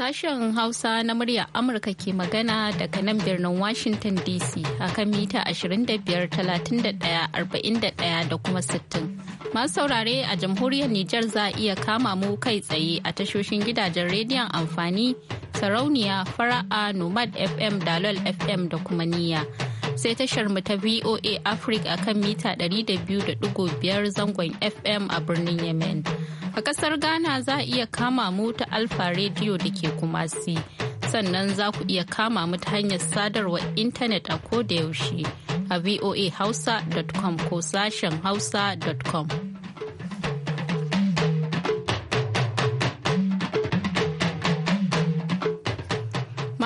Sashen Hausa na murya Amurka ke magana daga nan birnin Washington DC akan mita 25-31-41 da kuma 60. Masu saurare a jamhuriyar Nijar za a iya kama mu kai tsaye a tashoshin gidajen rediyon amfani, sarauniya, fara'a, nomad FM, dalol FM da kuma niyya. sai tashar mu ta VOA Africa akan mita 200.5 zangon FM a birnin Yemen. A kasar Ghana za a iya kama mu ta Alfa Radio da ke Kumasi. Sannan za ku iya kama mu ta hanyar sadarwar intanet a koda yaushe a voahausa.com ko sashen hausa.com.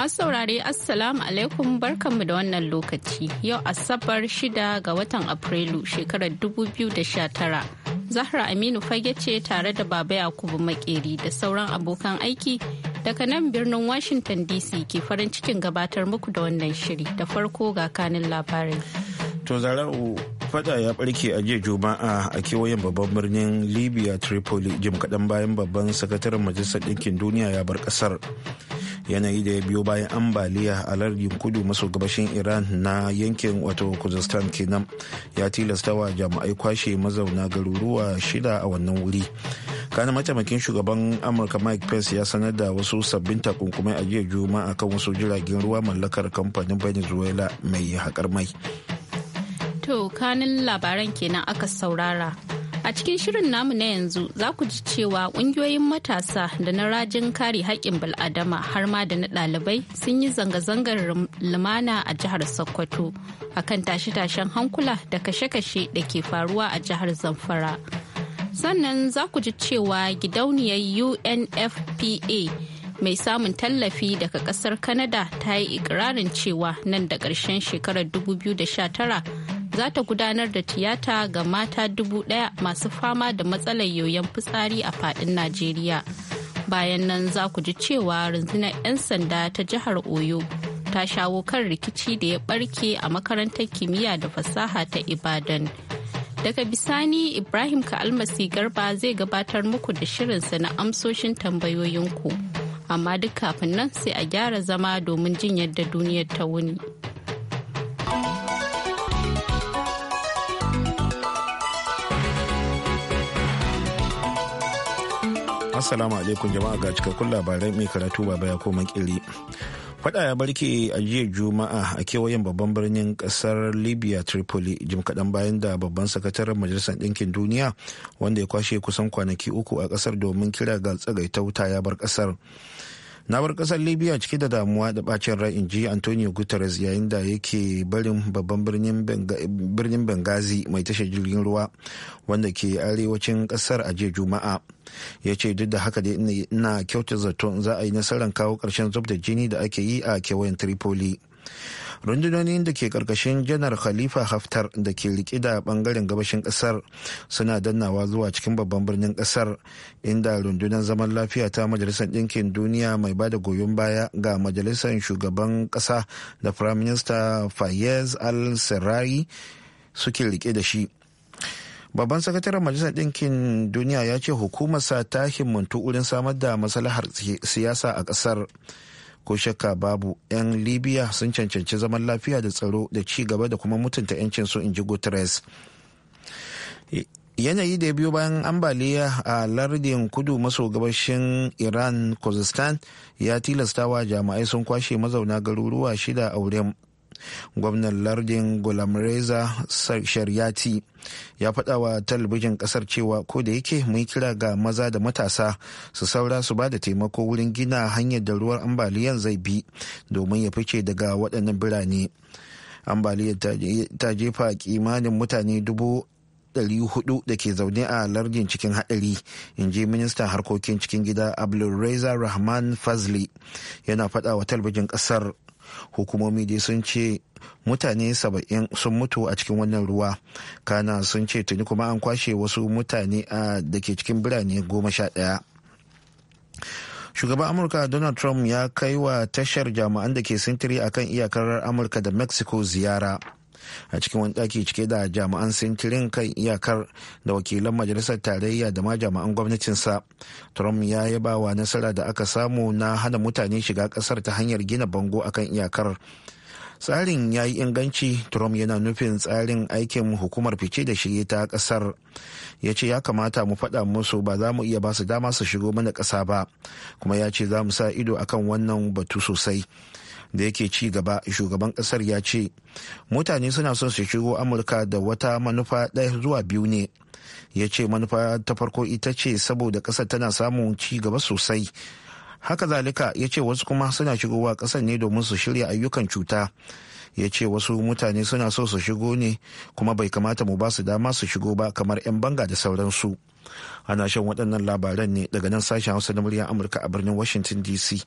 Masu saurare Assalamu alaikum barkanmu da wannan lokaci. Yau Asabar shida ga watan Afrilu shekarar tara Zahra Aminu fage ce tare da Baba Yakubu Makeri da sauran abokan aiki daga nan birnin Washington DC ke farin cikin gabatar muku da wannan shiri da farko ga kanin labarin. To zara'u fada ya barke a jiya juma'a a kewayen babban birnin libya tripoli jim kaɗan bayan babban sakataren majalisar ɗinkin duniya ya bar ƙasar yanayi da ya biyo bayan ambaliya a lardin kudu maso gabashin iran na yankin wato kuzistan kenan ya tilastawa jami'ai kwashe mazauna garuruwa shida a wannan wuri kana mataimakin shugaban amurka mike pence ya sanar da wasu sabbin takunkumai a jiya juma'a kan wasu jiragen ruwa mallakar kamfanin venezuela mai haƙar mai to kanin labaran kenan aka saurara A cikin shirin namu na yanzu za ku ji cewa ƙungiyoyin matasa da na rajin kare haƙƙin bil'adama har ma da na ɗalibai sun yi zanga-zangar lumana a jihar Sokoto akan tashe-tashen hankula da kashe-kashe da ke faruwa a jihar Zamfara. Sannan za ku ji cewa gidauniyar UNFPA mai samun tallafi daga ƙasar Kanada ta yi ikirarin cewa nan da ƙarshen shekarar 2019 za ta gudanar da tiyata ga mata dubu ɗaya masu fama da matsalar yoyon fitsari a faɗin Najeriya. Bayan nan za ku ji cewa rundunar 'yan sanda ta jihar Oyo ta shawo kan rikici da ya barke a makarantar kimiyya da fasaha ta Ibadan. Daga bisani Ibrahim ka almasi Garba zai gabatar muku da shirinsa na amsoshin tambayoyinku. Amma duk kafin nan sai a gyara zama domin jin yadda duniyar ta wuni. Assalamu alaikum jama'a ga cikakkun labarai mai karatu baba ya koma kiri. Fada ya barke a jiya Juma'a a kewayen babban birnin kasar Libya Tripoli jim kaɗan bayan da babban sakataren Majalisar Ɗinkin Duniya wanda ya kwashe kusan kwanaki uku a kasar domin kira ga tsagaita wuta ya bar kasar. na kasar libya cike da damuwa da bacin rai in ji antonio guterres yayin da yake barin babban birnin bengazi mai tashar jirgin ruwa wanda ke arewacin kasar a jiya juma'a ya ce duk da haka dai ina kyauta zaton za a yi nasarar kawo karshen zub da jini da ake yi a kewayen tripoli rundunonin da ke karkashin janar khalifa haftar da ke rike da bangaren gabashin kasar suna dannawa zuwa cikin babban birnin kasar inda rundunar zaman lafiya ta majalisar ɗinkin duniya mai bada goyon baya ga majalisar shugaban kasa da prime minister fayez al-sarari suke rike da shi babban sakataren majalisar ɗinkin duniya ya ce hukumarsa ta himmantu wurin samar da maslahar siyasa a ƙasar. ko shakka babu 'yan libya sun cancanci zaman lafiya da tsaro da ci gaba da kuma mutunta 'yancin su in ji guterres yanayi da biyu bayan ambaliya a lardin kudu maso gabashin iran kuzistan ya tilasta wa jama'ai sun kwashe mazauna garuruwa shida a wurin gwamnan lardin gulamreza shari'ati. ya faɗa wa talabijin ƙasar cewa ko da yake mun kira ga maza da matasa su saura su bada taimako wurin gina hanyar da ruwan ambaliyan zai bi domin ya fice daga waɗannan birane ambaliyar ta jefa kimanin mutane dubu hudu da ke zaune a lardin cikin haɗari in ji ministan harkokin cikin gida abdulreza rahman fazli yana faɗa wa talbijin ƙasar hukumomi dai sun ce mutane saba'in sun mutu a cikin wannan ruwa kana sun ce tuni kuma an kwashe wasu mutane da ke cikin birane goma sha ɗaya shugaban amurka donald trump ya kai wa tashar jami'an da ke sintiri akan iyakar amurka da mexico ziyara a cikin wani ɗaki cike da jami'an sintirin kan iyakar da wakilan majalisar tarayya da ma jami'an gwamnatinsa trump ya yaba wa nasara da aka samu na hana mutane shiga ƙasar ta hanyar gina bango akan iyakar tsarin ya yi inganci trump yana nufin tsarin aikin hukumar fice da shirye ta kasar ya ce ya kamata mu faɗa musu ba za mu iya ba su dama su shigo mana ƙasa ba kuma ya ce za mu sa ido akan wannan batu sosai da yake ci gaba shugaban kasar ya ce mutane suna son su shigo amurka da wata manufa ɗaya zuwa biyu ne ya ce manufa ta farko ita ce saboda kasar tana samun ci gaba sosai haka zalika ya ce wasu kuma suna shigowa kasar ne domin su shirya ayyukan cuta ya ce wasu mutane suna so su shigo ne kuma bai kamata mu ba su dama su shigo ba kamar 'yan banga da sauransu ana shan waɗannan labaran ne daga nan sashen hausa na muryar amurka a birnin washington dc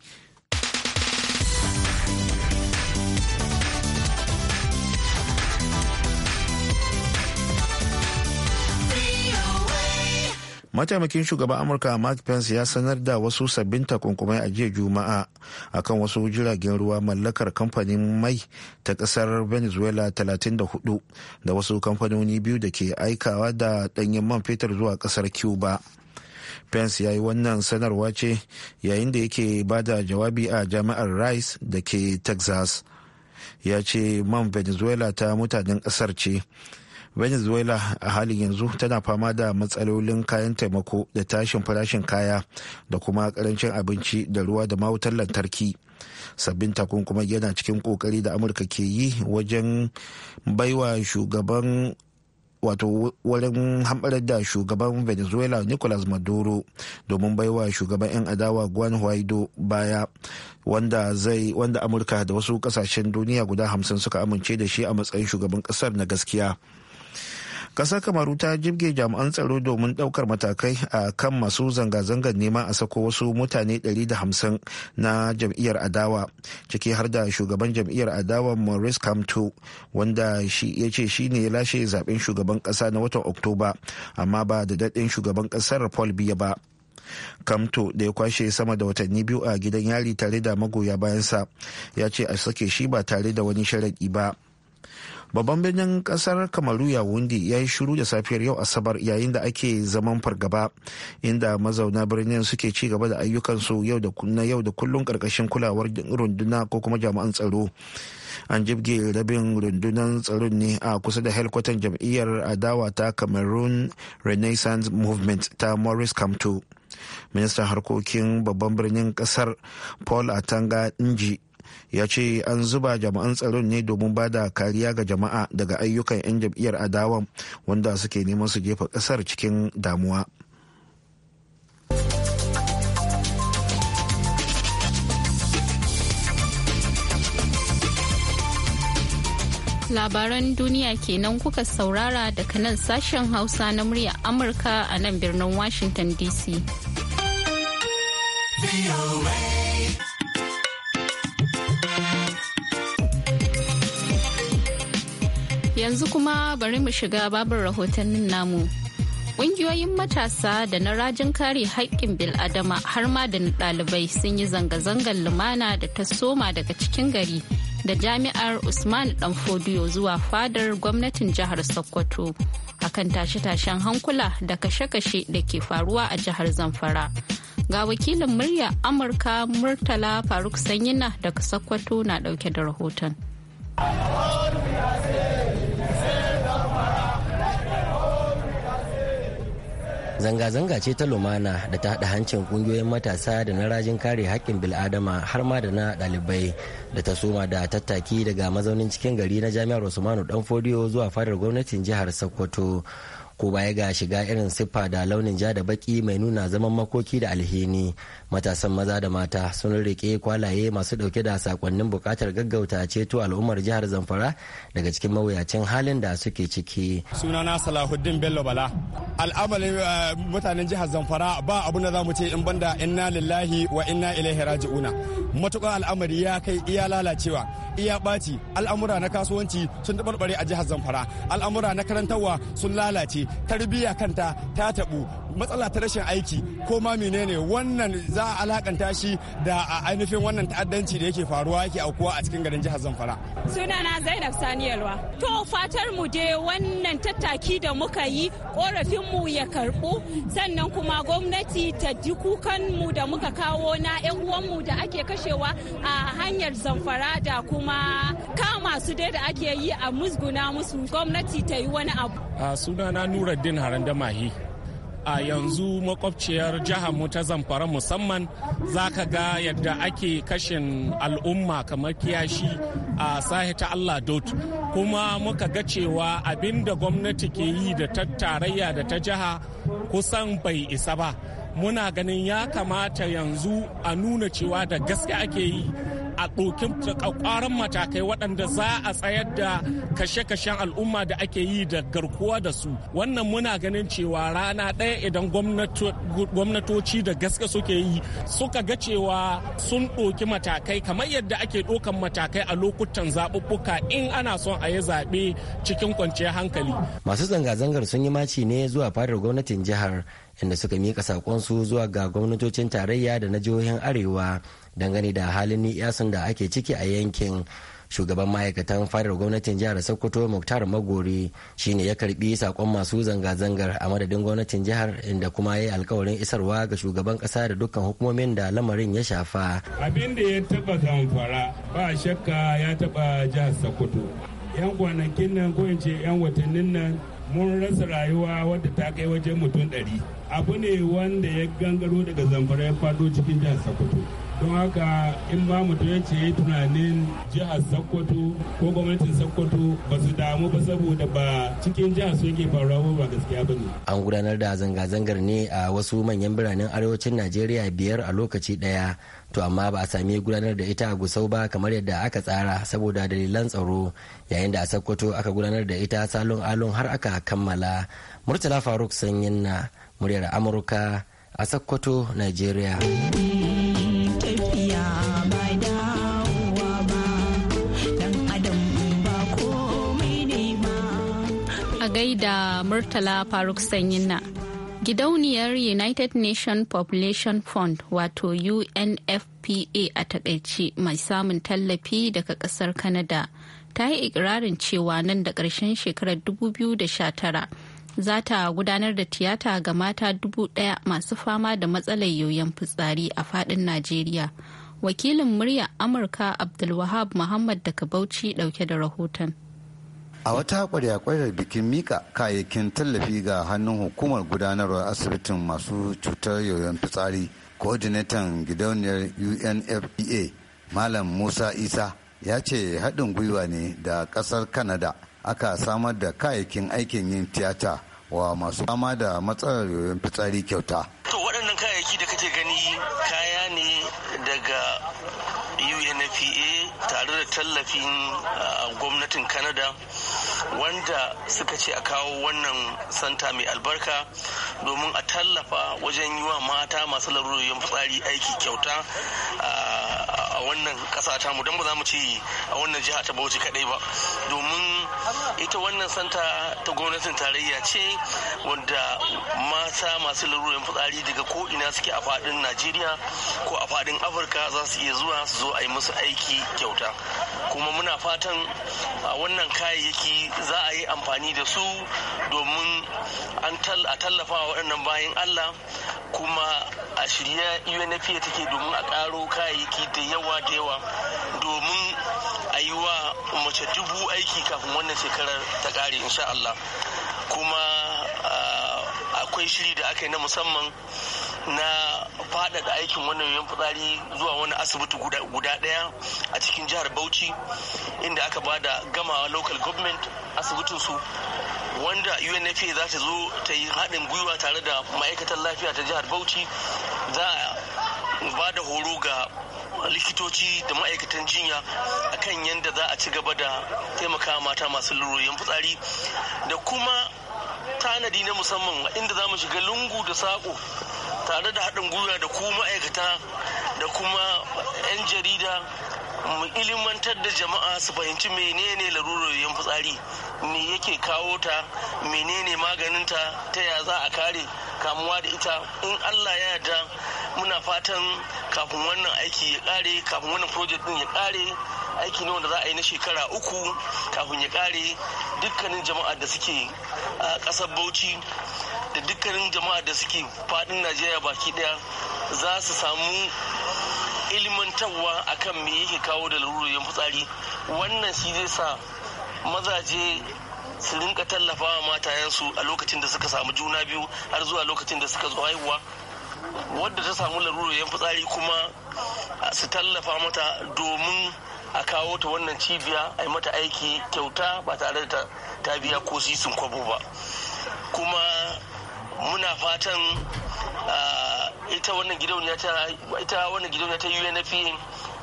mataimakin shugaban amurka mark pence ya sanar da wasu sabbin takunkumai a jiya juma'a akan wasu jiragen ruwa mallakar kamfanin mai ta kasar venezuela 34 da wasu kamfanoni biyu da ke aikawa da danyen man fetur zuwa kasar cuba pence ya yi wannan sanarwa ce yayin da yake ba da jawabi a jami'ar rice da ke texas ya ce man venezuela ta mutanen kasar ce venezuela a halin yanzu tana fama da matsalolin kayan taimako da tashin farashin kaya da kuma karancin abinci da ruwa da mawutar lantarki sabbin takunkuma yana cikin kokari da amurka ke yi wajen baiwa shugaban wato wurin hamɓarar da shugaban venezuela nicolas maduro domin baiwa shugaban 'yan adawa juan guaido baya wanda zai wanda amurka da wasu kasashen duniya guda hamsin suka amince da shi a matsayin shugaban kasar na gaskiya kasar kamaru ta jibge jami'an tsaro domin daukar matakai a kan masu zanga-zangar neman a sako wasu mutane 150 na jam'iyyar adawa ciki har da shugaban jam'iyyar adawa maurice kamto wanda ya ce shi ne ya lashe zaben shugaban ƙasa na watan oktoba amma ba da daɗin shugaban ƙasar paul biya ba kamto da ya kwashe sama da watanni biyu a gidan yari tare da magoya bayansa ya ce a sake shi ba tare da wani sharaɗi ba babban birnin kasar kamalu ya wundi ya yi shiru da safiyar yau asabar yayin da ake zaman fargaba inda mazauna birnin suke ci gaba da ayyukansu na yau da kullum karkashin kulawar runduna ko kuma jami'an tsaro an jibge rabin rundunar tsaron ne a kusa da helkwatan jam'iyyar adawa ta cameroon renaissance movement ta maurice kamto ministan harkokin babban birnin kasar paul atanga inji ya ce an zuba jama'an tsaron ne domin ba da kariya ga jama'a daga ayyukan 'yan jam'iyyar adawa wanda suke neman su jefa ƙasar cikin damuwa. labaran duniya kenan kuka saurara daga nan sashen hausa na murya amurka a nan birnin washington dc. Yanzu kuma bari mu shiga babin rahotannin namu. Ƙungiyoyin matasa da na rajin kare haƙƙin bil'adama har ma da na ɗalibai sun yi zanga-zangar lumana da ta soma daga cikin gari da jami'ar Usman Danfodiyo zuwa fadar gwamnatin jihar Sokoto akan tashe-tashen hankula da kashe-kashe da ke faruwa a jihar Zamfara. Ga wakilin murya Amurka Murtala Faruk Sanyina daga Sokoto na ɗauke da rahoton. Zanga-zanga ce ta lumana da ta haɗa hancin ƙungiyoyin matasa da na rajin kare haƙƙin bil'adama har ma da na ɗalibai da ta suma da tattaki daga mazaunin cikin gari na jami'ar Usmanu Danfodiyo zuwa fadar gwamnatin jihar Sokoto. ko baya ga shiga irin siffa da launin ja da baki mai nuna zaman makoki da alhini matasan maza da mata sun rike kwalaye masu ɗauke da sakonnin bukatar gaggauta ceto al'ummar jihar zamfara daga cikin mawuyacin halin da suke ciki sunana salahuddin bello bala al'amalin eh, mutanen jihar zamfara ba abun da zamu ce in banda inna lillahi wa inna ilaihi raji'una matukan al'amari ya kai iya lalacewa iya ɓaci al'amura na kasuwanci sun tabarbare a jihar zamfara al'amura na karantarwa sun lalace tarbiyya kanta ta taɓu matsala ta rashin aiki ko ma menene wannan za a alakanta shi da ainihin wannan ta'addanci da yake faruwa yake aukuwa a cikin garin jihar Zamfara. Sunana Zainab Saniyarwa. To fatar mu dai wannan tattaki da muka yi korafin mu ya karbu sannan kuma gwamnati ta ji kukan mu da muka kawo na yan uwan mu da ake kashewa a hanyar Zamfara da kuma kama su dai da ake yi a musguna musu gwamnati ta yi wani abu. a Sunana Nuruddin Haranda Mahi. a yanzu makwabciyar jihar mu ta zamfara musamman za ka ga yadda ake kashin al'umma kamar kiyashi a sahi ta allah dot kuma muka ga cewa abin da gwamnati ke yi da ta tarayya da ta jiha kusan bai isa ba muna ganin ya kamata yanzu a nuna cewa da gaske ake yi a ɗokin matakai waɗanda za a tsayar da kashe-kashen al'umma da ake yi da garkuwa da su wannan muna ganin cewa rana ɗaya idan gwamnatoci da gaske suke yi suka ga cewa sun ɗoki matakai kamar yadda ake ɗokan matakai a lokutan zaɓuɓɓuka in ana son a yi zaɓe cikin kwanciyar hankali. Masu zanga-zangar sun yi maci ne zuwa fadar gwamnatin jihar inda suka miƙa saƙonsu zuwa ga gwamnatocin tarayya da na jihohin arewa dangane da halin ni'yasin da ake ciki a yankin shugaban ma'aikatan fadar gwamnatin jihar sokoto muktar magori shine ya karbi sakon masu zanga-zangar a madadin gwamnatin jihar inda kuma ya yi alkawarin isarwa ga shugaban kasa da dukkan hukumomin da lamarin ya shafa Abinda ya taba zamfara ba shakka ya taba jihar sokoto yan kwanakin nan ko ce yan watannin nan mun rasa rayuwa wadda ta kai wajen mutum ɗari abu ne wanda ya gangaro daga zamfara ya fado cikin jihar sokoto don haka in ba mutum ya ce tunanin jihar sokoto ko gwamnatin sokoto ba su damu ba saboda ba cikin jihar su yake faruwa ba gaskiya ba an gudanar da zanga-zangar ne a wasu manyan biranen arewacin najeriya biyar a lokaci daya to amma ba a sami gudanar da ita a gusau ba kamar yadda aka tsara saboda dalilan tsaro yayin da a sokoto aka gudanar da ita salon alon har aka kammala murtala faruk sanyin na muryar amurka a sokoto nigeria gaida Murtala Faruk Sanyina. Gidauniyar United Nation Population Fund wato UNFPA a takaice mai samun tallafi daga kasar Canada ta yi ikirarin cewa nan da ƙarshen shekarar 2019 za ta gudanar da tiyata ga mata dubu ɗaya masu fama da matsalar yoyon fitsari a faɗin najeriya wakilin murya amurka abdulwahab muhammad daga bauchi ɗauke da rahoton a wata kwarya-kwaryar bikin mika kayayyakin tallafi ga hannun hukumar gudanarwar asibitin masu cutar yoyon fitsari coordinator gidauniyar unfpa malam musa isa ya ce haɗin gwiwa ne da ƙasar canada aka samar da kayayyakin aikin yin tiyata wa masu fama da matsalar yoyon fitsari kyauta. To waɗannan kayayyaki da kake gani kaya ne daga UNFPA tare da tallafin ah, gwamnatin Canada wanda suka ce a kawo wannan santa mai albarka domin a tallafa wajen yi wa mata masu laruroyin fitsari aiki kyauta ah, a wannan ƙasa tamu don ba za mu ce a wannan jiha ta Bauchi kaɗai ba domin ita wannan santa ta gwamnatin tarayya ce wanda mata masu laruran fitsari daga koina suke a fadin najeriya ko a fadin afirka za su iya zuwa su zo a yi musu aiki kyauta kuma muna fatan a wannan kayayyaki za a yi amfani da su domin a tallafa waɗannan bayan allah kuma a shirya unfa take domin a ƙaro kayayyaki da yawa da yawa domin a yi wa mace dubu aiki kafin wannan shekarar ta kare insha Allah kuma akwai shiri da aka yi na musamman na faɗaɗa aikin wannan yan fitsari zuwa wani asibiti guda ɗaya a cikin jihar bauchi inda aka ba da gamawa local government su wanda unfa za ta zo ta yi haɗin gwiwa tare da ma'aikatan lafiya ta jihar bauchi za a ba da horo ga likitoci da ma'aikatan jinya akan yadda za a ci gaba da taimaka mata masu luroyin fitsari da kuma tanadi na musamman inda za mu shiga lungu da saƙo tare da haɗin gwiwa da ku ma'aikata da kuma 'yan jarida mu ilimantar da jama'a su fahimci menene laruroyin fitsari me yake kawo ta menene maganinta ta ya za a kare kamuwa da ita in allah ya yarda muna fatan kafin wannan aiki ya kare kafin wannan project din ya kare aiki ne wanda za a yi na shekara uku kafin ya kare dukkanin jama'a da suke a kasar bauchi da dukkanin jama'a da suke fadin najeriya baki daya za su samu ilimantarwa akan me yake kawo da lalurorin fitsari wannan shi zai sa mazaje su rinka tallafawa matayensu a lokacin da suka samu juna biyu har zuwa lokacin da suka zo haihuwa wadda ta samu larurar yan fitsari kuma su tallafa mata domin a kawo ta wannan cibiya a yi mata aiki kyauta ba tare da ta biya ko sisin kwabo ba kuma muna fatan ita wannan gidauniya ta ita wannan gidauniya e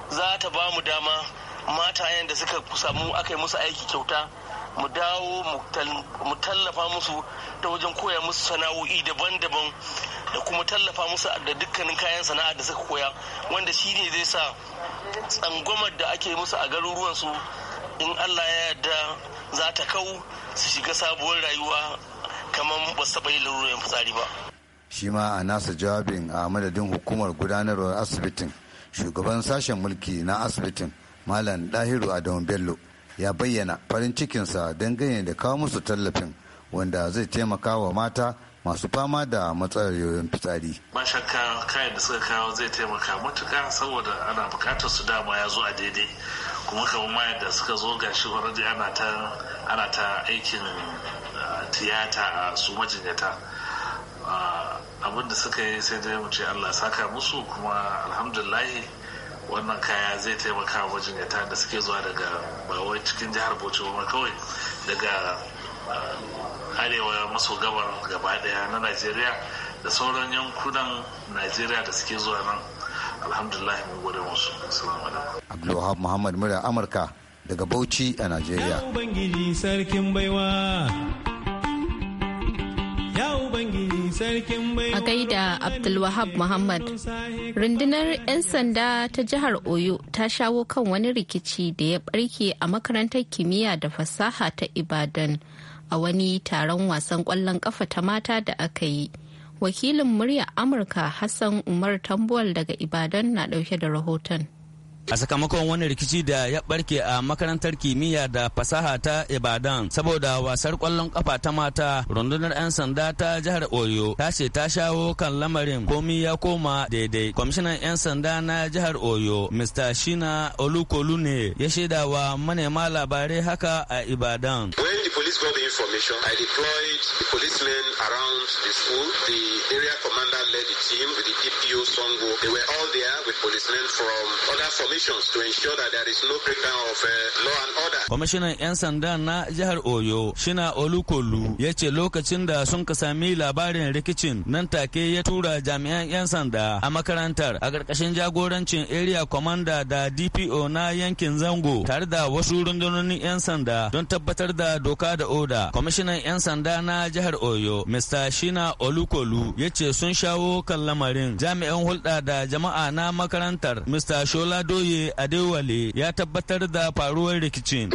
za ta ba mu dama matayen da suka samu aka yi musu aiki kyauta mu dawo mu tallafa musu ta wajen koya musu sana'o'i daban-daban da kuma tallafa musu da dukkanin kayan sana'a da suka koya wanda shi ne zai sa tsangwamar da ake musu a garuruwansu in allah ya yarda za ta kau su shiga sabuwar rayuwa kamar ba su fitsari ba shi ma a nasa jawabin a madadin hukumar gudanarwar asibitin shugaban sashen mulki na asibitin malam dahiru adamu bello ya bayyana farin cikinsa dangane da kawo musu tallafin wanda zai taimaka wa mata masu fama da matsalar yoyon fitsari. Ba shakka kayan da suka kawo zai taimaka matuka saboda ana bukatar su dama ya zo a daidai kuma kamar ma yadda suka zo ga shi ana ta ana ta aikin ah, tiyata a su majinyata ah, abinda suka yi sai dai mu Allah saka musu kuma alhamdulahi wannan kaya zai taimaka majinyata majinyata da suke zuwa daga ba cikin jihar bauchi ba kawai daga ah, arewa maso gabar gaba daya na najeriya da sauran yankunan najeriya da suke zuwa nan alhamdulillah mun gode musu assalamu abdulwahab muhammad murya amurka daga bauchi a najeriya ubangiji sarkin baiwa A gaida Abdulwahab Muhammad, rundunar 'yan sanda ta jihar Oyo ta shawo kan wani rikici da ya barke a makarantar kimiyya da fasaha ta Ibadan a wani taron wasan kwallon kafa ta mata da aka yi wakilin murya amurka hassan umar tambuwal daga ibadan na ɗauke da rahoton a sakamakon wani rikici da ya barke a makarantar kimiyya da fasaha ta ibadan saboda wasar kwallon kafa ta mata rundunar 'yan sanda ta jihar oyo ta ce ta shawo kan lamarin komi ya koma daidai kwamishinan 'yan sanda na jihar oyo mr shina olukolu ne ya shaida wa manema labarai haka a ibadan I around the school. The area commander led the team with the PTO Songo. They were all there with policemen from other formations to ensure that there is no breakdown of uh, law and order. Kwamishinan 'yan sanda na jihar Oyo, Shina Olukolu, ya ce lokacin da sun ka sami labarin rikicin nan take ya tura jami'an 'yan sanda a makarantar a ƙarƙashin jagorancin area commander da DPO na yankin Zango tare da wasu rundunonin 'yan sanda don tabbatar da doka da oda. Kwamishinan 'yan sanda na jihar Oyo, Mr. Shina Olukolu, ya ce sun shawo kan lamarin. jami'an hulɗa da jama'a na makarantar Mr. Shola Doye Adewale ya tabbatar da faruwar rikicin.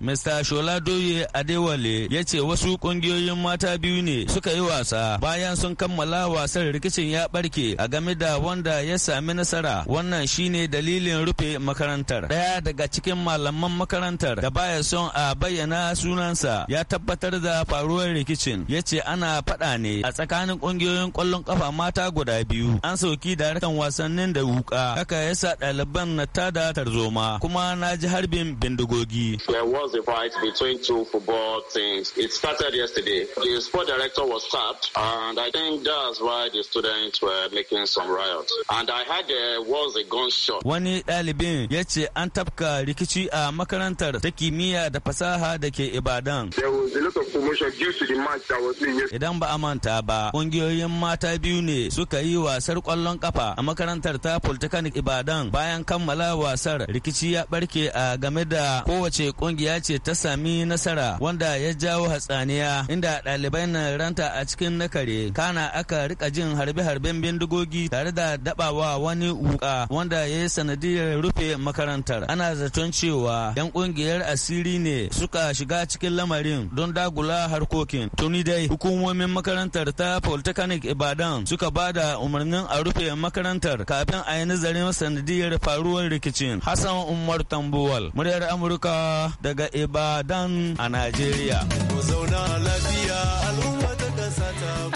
Mr. Shola Doye Adewale ya ce wasu ƙungiyoyin mata biyu ne suka yi wasa bayan sun kammala wasan rikicin ya ɓarke a game da wanda ya sami nasara wannan shine dalilin rufe makarantar. Ɗaya daga cikin malaman makarantar da baya son a bayyana sunan bakinsa ya tabbatar da faruwar rikicin ya ce ana faɗa ne a tsakanin ƙungiyoyin ƙwallon ƙafa mata guda biyu an sauki daraktan wasannin da wuka haka yasa ɗaliban na tada tarzoma kuma na ji harbin bindigogi. There was a fight between two football teams. It started yesterday. The sport director was stabbed and I think that's why the students were making some riots. And I heard there was a gunshot. Wani ɗalibin ya ce an tafka rikici a makarantar ta kimiyya da fasaha da ke Ibadan. Sudan. Idan ba a manta ba, ƙungiyoyin mata biyu ne suka yi wasar ƙwallon ƙafa a makarantar ta Polytechnic Ibadan bayan kammala wasar rikici ya barke a game da kowace ƙungiya ce ta sami nasara wanda ya jawo hatsaniya inda ɗalibai na ranta a cikin nakare kana aka rika jin harbe-harben bindigogi tare da dabawa wani wuka wanda ya yi sanadiyar rufe makarantar ana zaton cewa 'yan ƙungiyar asiri ne suka shiga cikin lamarin don dagula harkokin tuni dai hukumomin makarantar ta polytechnic ibadan suka ba da umarnin a rufe makarantar kafin a yi nazarin sanadiyar faruwar rikicin hassan umar tambuwal muryar amurka daga ibadan a najeriya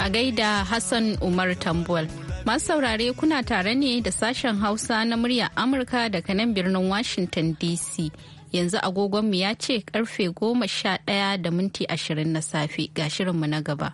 a gaida hassan umar tambuwal Masu saurare kuna tare ne da sashen Hausa na muryar Amurka daga nan birnin Washington DC. yanzu agogonmu ya ce karfe goma sha ɗaya da minti ashirin na safe ga shirinmu na gaba.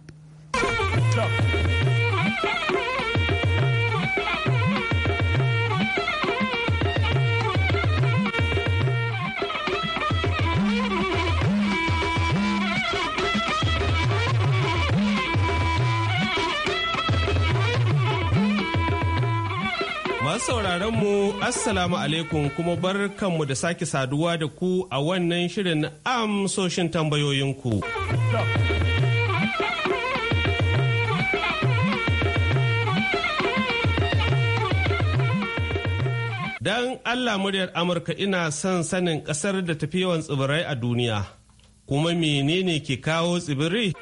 Masu sauraron mu Assalamu alaikum kuma bar kanmu da sake saduwa da ku a wannan shirin amsoshin tambayoyinku. Dan Allah muryar Amurka ina son sanin ƙasar da tafi yawan tsibirai a duniya, kuma menene ke kawo tsibiri?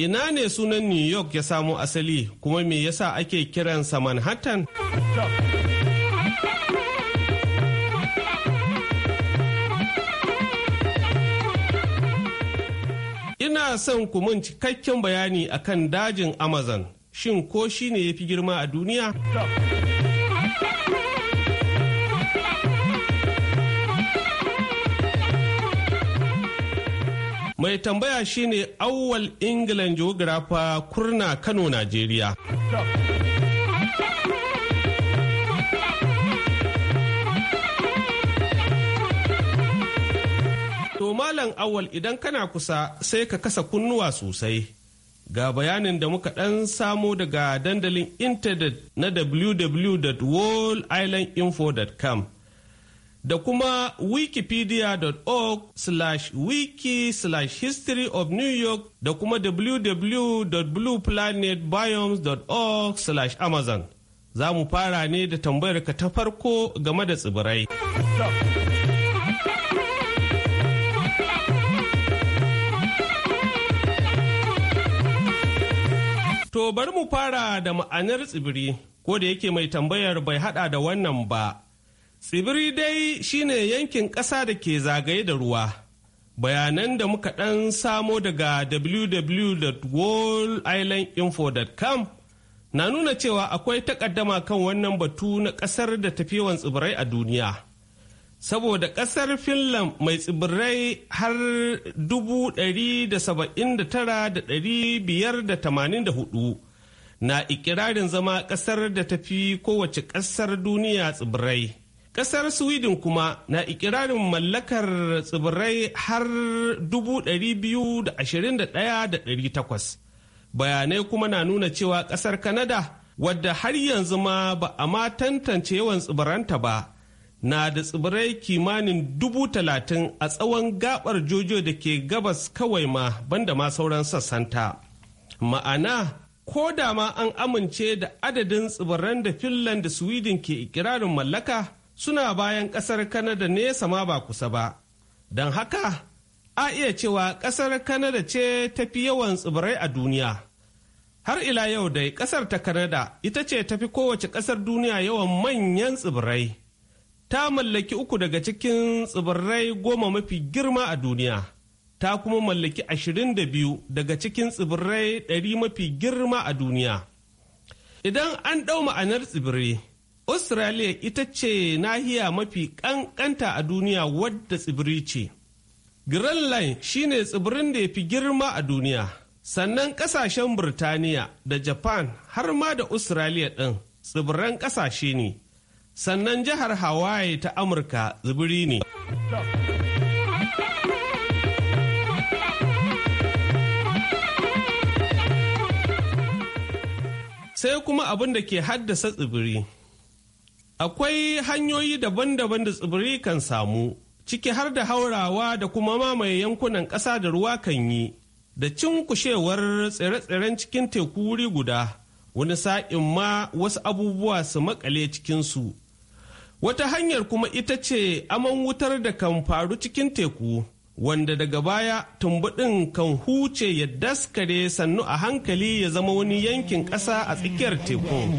Ina ne sunan New York ya samo asali kuma me yasa ake kiransa Manhattan? Ina son ku mun cikakken bayani akan dajin Amazon, shin ko shine ne ya fi girma a duniya? mai tambaya shine awwal england geographer kurna kano najeriya to malam awwal idan kana kusa sai ka kasa kunnuwa sosai ga bayanin da muka ɗan samo daga dandalin intanet na www.worldislandinfo.com da kuma wikipedia.org/wiki/history of New York da kuma www.blueplanetbiomes.org/amazon. Za mu fara ne da tambayar ka ta farko game da tsibirai. To bari mu fara da ma'anar tsibiri, ko da yake mai tambayar bai hada da wannan ba. Tsibiri dai shine yankin ƙasa da ke zagaye da ruwa. Bayanan da muka ɗan samo daga www.worldislandinfo.com na nuna cewa akwai takaddama kan wannan batu na ƙasar da tafiyawan tsibirai a duniya. Saboda ƙasar Finland mai tsibirai har 179,584 na ikirarin zama ƙasar da tafi kowace ƙasar duniya tsibirai. Ƙasar Sweden kuma na ikirarin mallakar tsibirai har 221,800. Bayanai kuma na nuna cewa ƙasar Kanada wadda har yanzu ma ba a ma tantance yawan tsibiranta ba, na da tsibirai kimanin dubu talatin a tsawon gabar jojo da ke gabas kawai ma banda ma sauran sassanta. Ma'ana ko da ma an amince da adadin tsibiran da Finland da Sweden ke ikirarin mallaka suna bayan ƙasar Kanada nesa ma ba kusa ba. Don haka, a iya cewa ƙasar Kanada ce tafi yawan tsibirai a duniya. Har ila yau dai ƙasar ta Kanada ita ce tafi kowace ƙasar duniya yawan manyan tsibirai. Ta mallaki uku daga cikin tsibirai goma mafi girma a duniya. Ta kuma mallaki ashirin da biyu daga cikin tsibirai ɗari mafi girma a duniya. Idan an ɗau ma'anar tsibirai, Australia ita ce nahiya mafi kankanta a duniya wadda tsibiri ce. Greenland shine tsibirin da ya fi girma a duniya. Sannan ƙasashen Burtaniya da Japan har ma da Australia ɗin tsibiran ƙasashe ne. Sannan jihar Hawaii ta Amurka tsibiri ne. Sai kuma abin da ke haddasa tsibiri. Akwai hanyoyi daban-daban da tsibiri kan samu, ciki har da haurawa da kuma mamaye yankunan ƙasa da ruwa kan yi, da cinkushewar tsire-tsiren cikin teku wuri guda, wani sa'in ma wasu abubuwa su makale cikinsu. Wata hanyar kuma ita ce aman wutar da kan faru cikin teku. wanda daga baya tumbuɗin kan huce ya daskare sannu a hankali ya zama wani yankin ƙasa a tsakiyar tekun.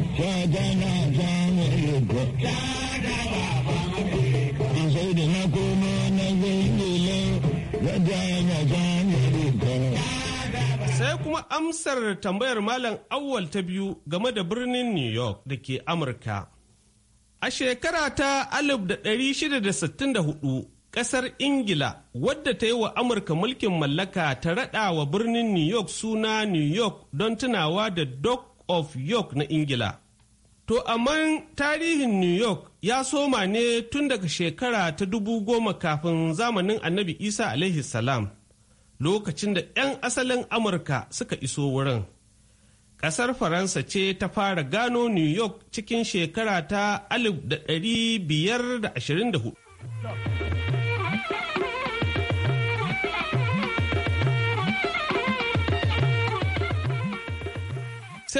gana da na koma na zai gana Sai kuma amsar tambayar Malam Awwal ta biyu game da birnin New York da ke Amurka. A shekara ta 1664, ƙasar Ingila, wadda ta yi wa Amurka mulkin mallaka ta raɗa wa birnin New York suna New York don tunawa da Dock of York na Ingila. To amma tarihin New York ya soma ne tun daga shekara ta dubu goma kafin zamanin annabi Isa alaihi salam lokacin da 'yan asalin Amurka suka iso wurin. Ƙasar Faransa ce ta fara gano New York cikin shekara ta 1524.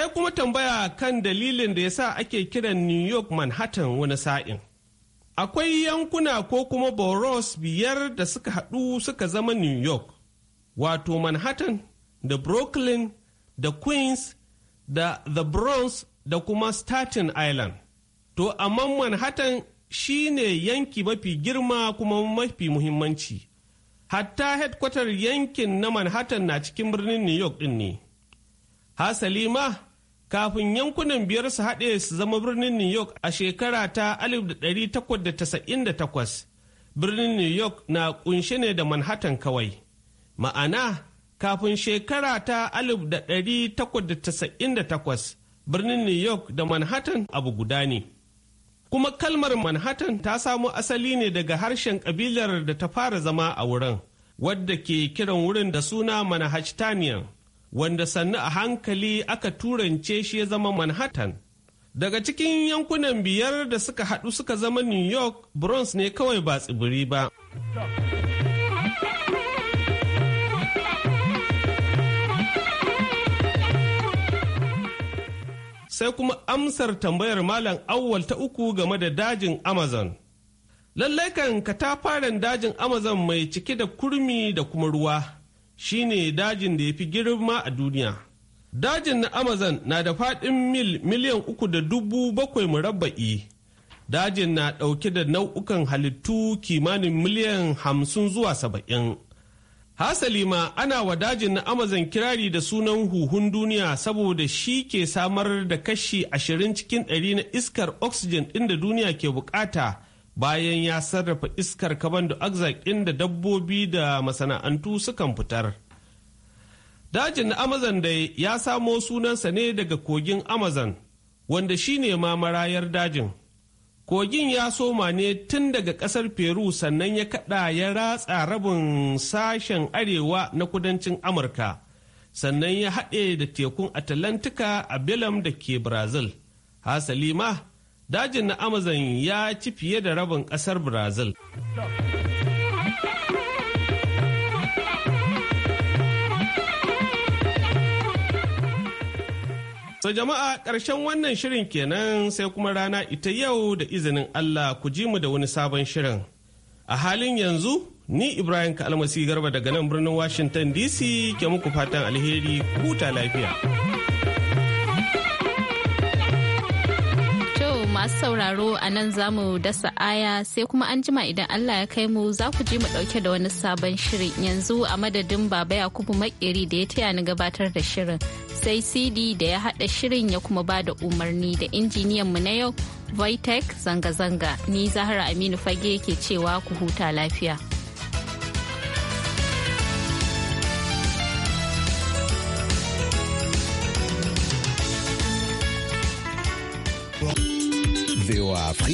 Sai kuma tambaya kan dalilin da ya sa ake kiran New York Manhattan wani sa'in. Akwai yankuna ko kuma boros biyar da suka haɗu suka zama New York, wato Manhattan da Brooklyn da Queens da The Bronx da kuma Staten Island. To, amma Manhattan shi ne yanki mafi girma kuma mafi muhimmanci. Hatta headquarter yankin na Manhattan na cikin birnin New York ɗin ne. Hasali ma, kafin yankunan biyar su haɗe su zama birnin New York a shekara ta 1898. Birnin New York na ƙunshe ne da Manhattan kawai. Ma'ana, kafin shekara ta 1898, birnin New York da Manhattan abu guda ne. Kuma kalmar Manhattan ta samo asali ne daga harshen kabilar da ta fara zama a wurin, wadda ke kiran wurin da suna Manhattanian. wanda sannu a hankali aka turance shi ya zama Manhattan. Daga cikin yankunan biyar da suka haɗu suka zama New York, Bronx ne kawai ba tsibiri ba. Sai kuma amsar tambayar Malam Awwal ta uku game da dajin Amazon. Lallai kan katafaren dajin Amazon mai cike da kurmi da kuma ruwa. shine dajin da ya fi girma a duniya. Dajin na Amazon na da faɗin mil miliyan uku da dubu bakwai murabba'i. Dajin na ɗauke da nau'ukan halittu kimanin miliyan hamsin zuwa saba'in. Hasali ma ana wa dajin na Amazon kirari da sunan huhun duniya saboda shi ke samar da kashi ashirin cikin ɗari na iskar oxygen ɗin da duniya ke bukata. bayan ya sarrafa iskar carbon dioxide inda dabbobi da masana'antu sukan fitar. Dajin na Amazon dai ya samo sunansa ne daga kogin Amazon, wanda shi ne ma marayar dajin. Kogin ya soma ne tun daga ƙasar Peru sannan ya kaɗa ya ratsa rabin sashen arewa na kudancin Amurka, sannan ya haɗe da tekun Atalantika a Belam da ke Brazil. Hasali ma dajin na amazon ya ci fiye da rabin ƙasar brazil So jama'a ƙarshen wannan shirin kenan sai kuma rana ita yau da izinin Allah ku ji mu da wani sabon shirin. A halin yanzu ni Ibrahim Kalmasi Garba daga nan birnin Washington DC ke muku fatan alheri huta lafiya. masu sauraro a nan za mu dasa aya sai kuma an jima idan Allah ya kai mu za ku ji mu ɗauke da wani sabon shirin yanzu a madadin baba Yakubu makeri da ya taya ni gabatar da shirin sai CD da ya haɗa shirin ya kuma ba da umarni da injiniyan mu na yau Voitech zanga-zanga ni Zahra Aminu Fage ke cewa ku huta lafiya. Boa Fria.